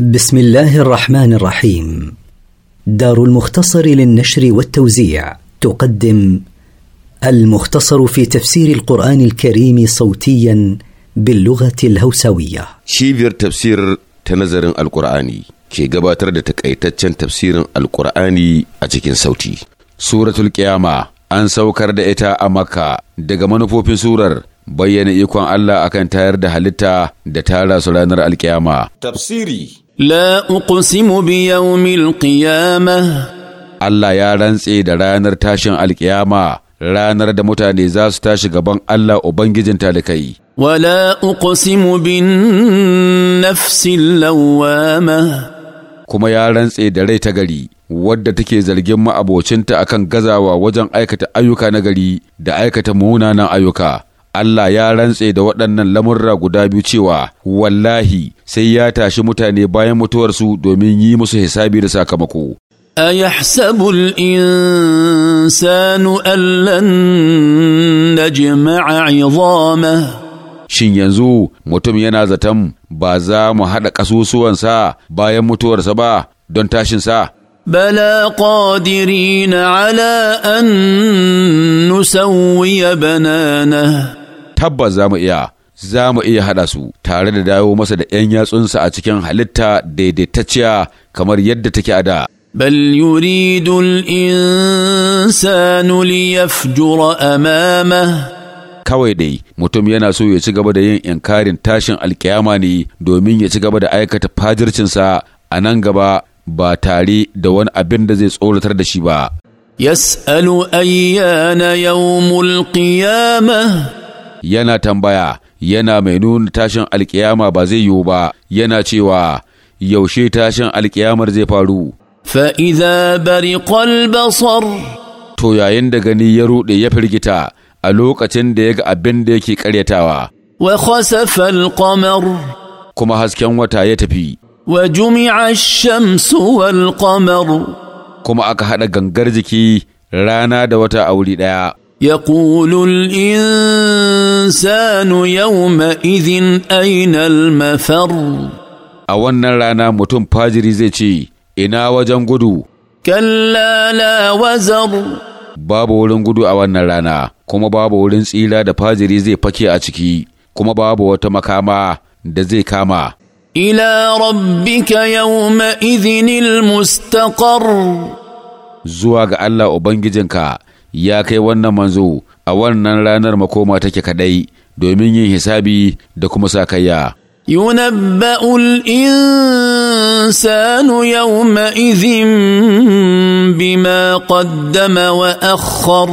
بسم الله الرحمن الرحيم دار المختصر للنشر والتوزيع تقدم المختصر في تفسير القرآن الكريم صوتيا باللغة الهوسوية شيفير تفسير تنظر القرآني كي قباتر تكأيتتشن تفسير القرآني أتكين صوتي سورة القيامة أن سوكر دائتا أمكا دقمانو فوبين سورر bayyana ikon Allah akan tayar da halitta da tara su ranar alkiyama. Tafsiri لا أقسم بيوم القيامة Allah ya rantse da ranar tashin alkiyama ranar da mutane za su tashi gaban Allah Ubangijin talikai. Wala uqsimu bin nafsin lauwama. Kuma ya rantse da rai ta gari wadda take zargin ma'abocinta akan gazawa wajen aikata ayyuka na gari da aikata munanan ayyuka. Allah ya rantse da waɗannan lamurra guda biyu cewa wallahi sai ya tashi mutane bayan mutuwarsu domin yi musu hisabi da sakamako. أيحسب الإنسان allan da نجمع عظامه Shin yanzu mutum yana zaton ba za mu haɗa ƙasusuwansa bayan mutuwarsa ba don tashinsa? بلى قادرين على ان نسوي banana. tabbas za mu iya za mu iya haɗa su tare da dawo masa da 'yan yatsunsa a cikin halitta daidaitacciya kamar yadda take a da. بل يريد الإنسان ليفجر أمامه kawai dai mutum yana so ya ci gaba da yin inkarin tashin alkiyama ne domin ya ci gaba da aikata fajircinsa a nan gaba ba tare da wani abin da zai tsoratar da shi ba. يسأل ayyana يوم القيامة yana tambaya yana mai nuna tashin alkiyama ba zai yiwu ba yana cewa yaushe tashin alkiyamar zai faru fa'iza bari kwalbasar to yayin da gani ya ruɗe ya firgita a lokacin da ya ga abin da yake karyatawa wa khasafa qamar kuma hasken wata ya tafi wa jumi'a ash-shamsu wal-qamar kuma aka haɗa gangar jiki rana da wata a wuri ɗaya. يقول الإنسان الانسان يومئذ اين المفر a wannan rana mutum fajiri zai ce ina wajen gudu kalla wazar babu wurin gudu a wannan rana kuma babu wurin tsira da fajiri zai fake a ciki kuma babu wata makama da zai kama ila rabbika yawma idhinil mustaqar zuwa ga Allah ubangijinka ya kai wannan manzo a wannan ranar makoma take kaɗai domin yin hisabi da kuma sakayya. ينبأ الإنسان يومئذ بما wa وأخر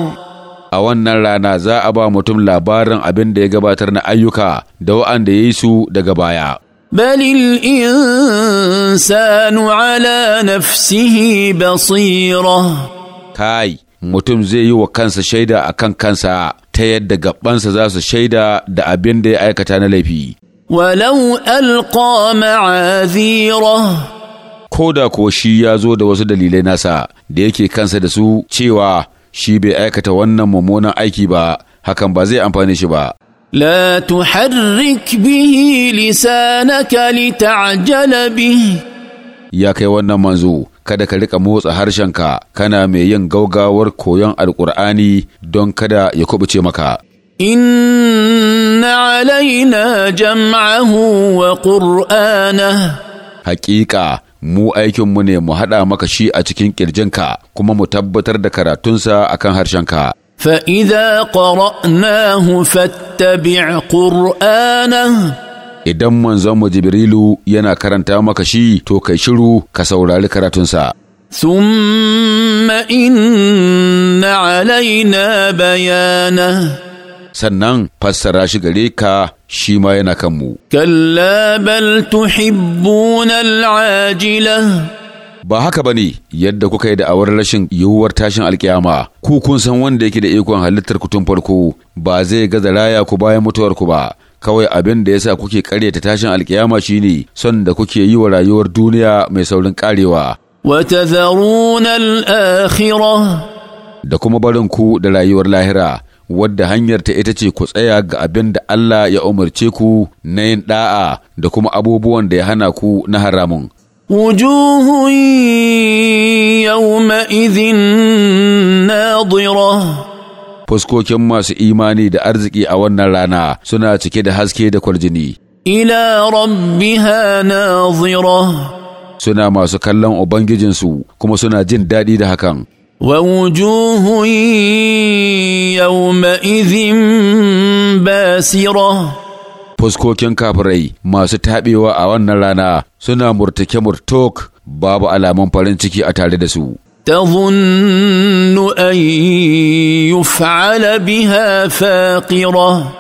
a wannan rana za a ba mutum labarin abin da ya gabatar na ayyuka da wa'anda ya yi su daga baya. Balil insanu 'ala nafsihi basira Kai. mutum zai yi wa kansa shaida a kan kansa ta yadda gabansa za su shaida da abin da ya aikata na laifi. Walau alqa ma'azira Ko da ko shi ya zo da wasu dalilai nasa da yake kansa da su cewa shi bai aikata wannan mummunan aiki ba, hakan ba zai amfane shi ba. La لا bihi به لسانك لتعجل به Ya kai wannan manzo kada ka rika motsa harshenka kana mai yin gaugawar koyon alkur'ani don kada ya kubuce maka Inna alaina jam'ahU wa ƙur'ana. Haƙiƙa, mu aikinmu ne mu haɗa maka shi a cikin ka kuma mu tabbatar da karatunsa a kan harshenka. فإذا قرأناه فاتبع ƙur'ana. idan mu Jibrilu yana karanta maka shi to kai shiru ka saurari karatunsa. Thumma inna alaina bayana. sannan fassara shi gare ka shi ma yana kanmu. Kalla bal tuhibbuna al'ajila. Ba haka ba ne yadda kuka yi da'awar rashin yiwuwar tashin alkiyama, ku kun san wanda yake da ikon halittar ku tun farko ba zai gaza raya ku bayan mutuwar ku ba. kawai abin da yasa kuke karyata tashin alkiyama shine son da kuke yi wa rayuwar duniya mai saurin karewa wa tadharuna al-akhirah da kuma barin ku da rayuwar lahira wadda hanyar ta ita ce ku tsaya ga abin da Allah ya umarce ku na yin da'a da kuma abubuwan da ya hana ku na haramun wujuhun yawma idhin nadira fuskokin masu imani da arziki a wannan rana suna cike da haske da kwarjini ila rabbiha nazira suna masu kallon ubangijinsu kuma suna jin daɗi da hakan ووجوه fuskokin kafirai masu taɓewa a wannan rana suna murtake murtok babu alamun farin ciki a tare da su. تظن أن يفعل بها فاقرة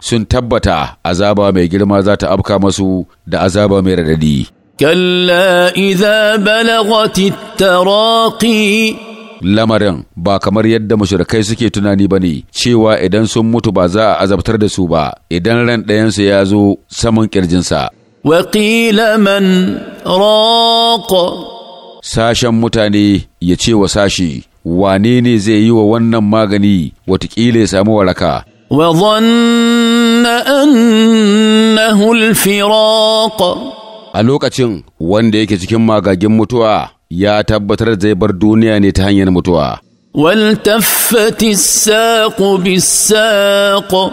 sun tabbata azaba mai girma za ta afka masu da azaba mai radadi. Kalla idza balagati Lamarin ba kamar yadda mashirkai suke tunani ba ne, cewa idan sun mutu ba za a azabtar da su ba, idan ran ɗayansu ya zo saman ƙirjinsa. Wakila man raƙa sashen mutane ya ce wa sashi wane ne zai yi wa wannan magani watakila ya samu waraka wa zanna a lokacin wanda yake cikin magagin mutuwa ya tabbatar zai bar duniya ne ta hanyar mutuwa والتفت الساق بالساق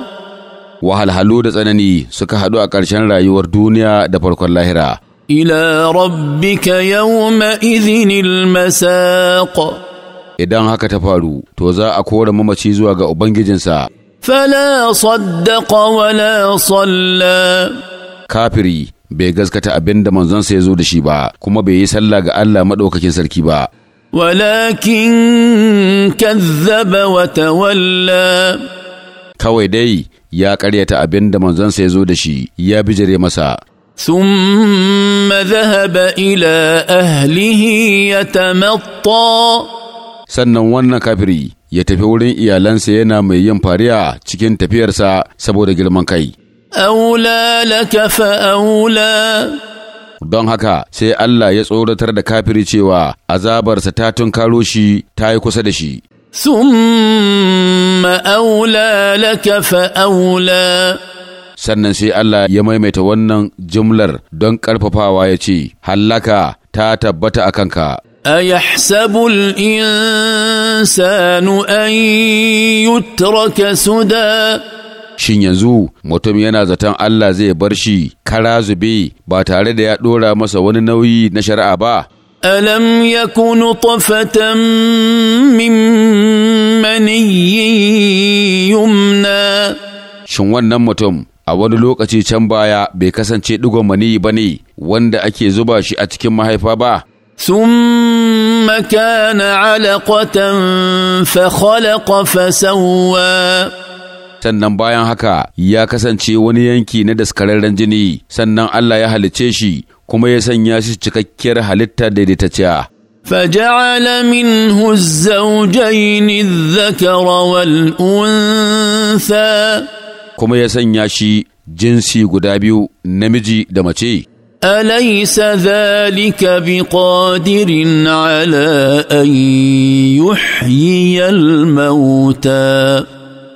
wahalhalu da tsanani suka haɗu a ƙarshen rayuwar duniya da farkon lahira ila rabbika izinin masaƙo? idan haka ta faru to za a kora mamaci zuwa ga ubangijinsa fala saddaqa wala salla kafiri bai gaskata abin da manzonsa ya zo da shi ba kuma bai yi sallah ga Allah maɗaukakin sarki ba walakin kazzaba wa tawalla kawai dai ya ƙaryata abin da manzonsa ya zo da shi ya bijire masa ثم ذهب ya أهله يتمطى sannan wannan kafiri ya tafi wurin iyalansa yana mai yin fariya cikin tafiyarsa saboda girman kai. Aula laka fa'aula Don haka sai Allah ya tsoratar da kafiri cewa azabarsa ta tunkaro shi ta yi kusa da shi. Summa aula laka fa'aula sannan sai Allah ya maimaita wannan jumlar don ƙarfafawa ya ce, Hallaka ta tabbata a kanka. أيحسب الإنسان أن su suda Shin yanzu mutum yana zaton Allah zai bar shi kara zube ba tare da ya ɗora masa wani nauyi na shari'a ba? ya kunu tafatan min maniyyin yumna. Shin wannan mutum a wani lokaci can baya bai kasance ɗigon maniyi ba ne wanda ake zuba shi a cikin mahaifa ba. ثم كان علقة فخلق فسوى sannan bayan haka ya kasance wani yanki na daskararren jini sannan Allah ya halicce shi kuma ya sanya shi cikakkiyar halitta daidaitacciya. فجعل منه الزوجين الذكر والأنثى kuma ya sanya shi jinsi guda biyu namiji da mace. bi ذلك ala, a yi يحيي الموتى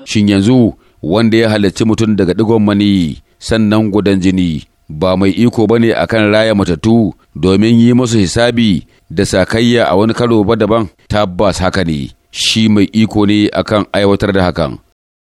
Shin yanzu wanda ya halarci mutum daga digon mani sannan gudan jini ba mai iko bane akan raya matattu domin yi musu hisabi da sakayya a wani karo ba daban tabbas haka ne shi mai iko ne akan aiwatar da hakan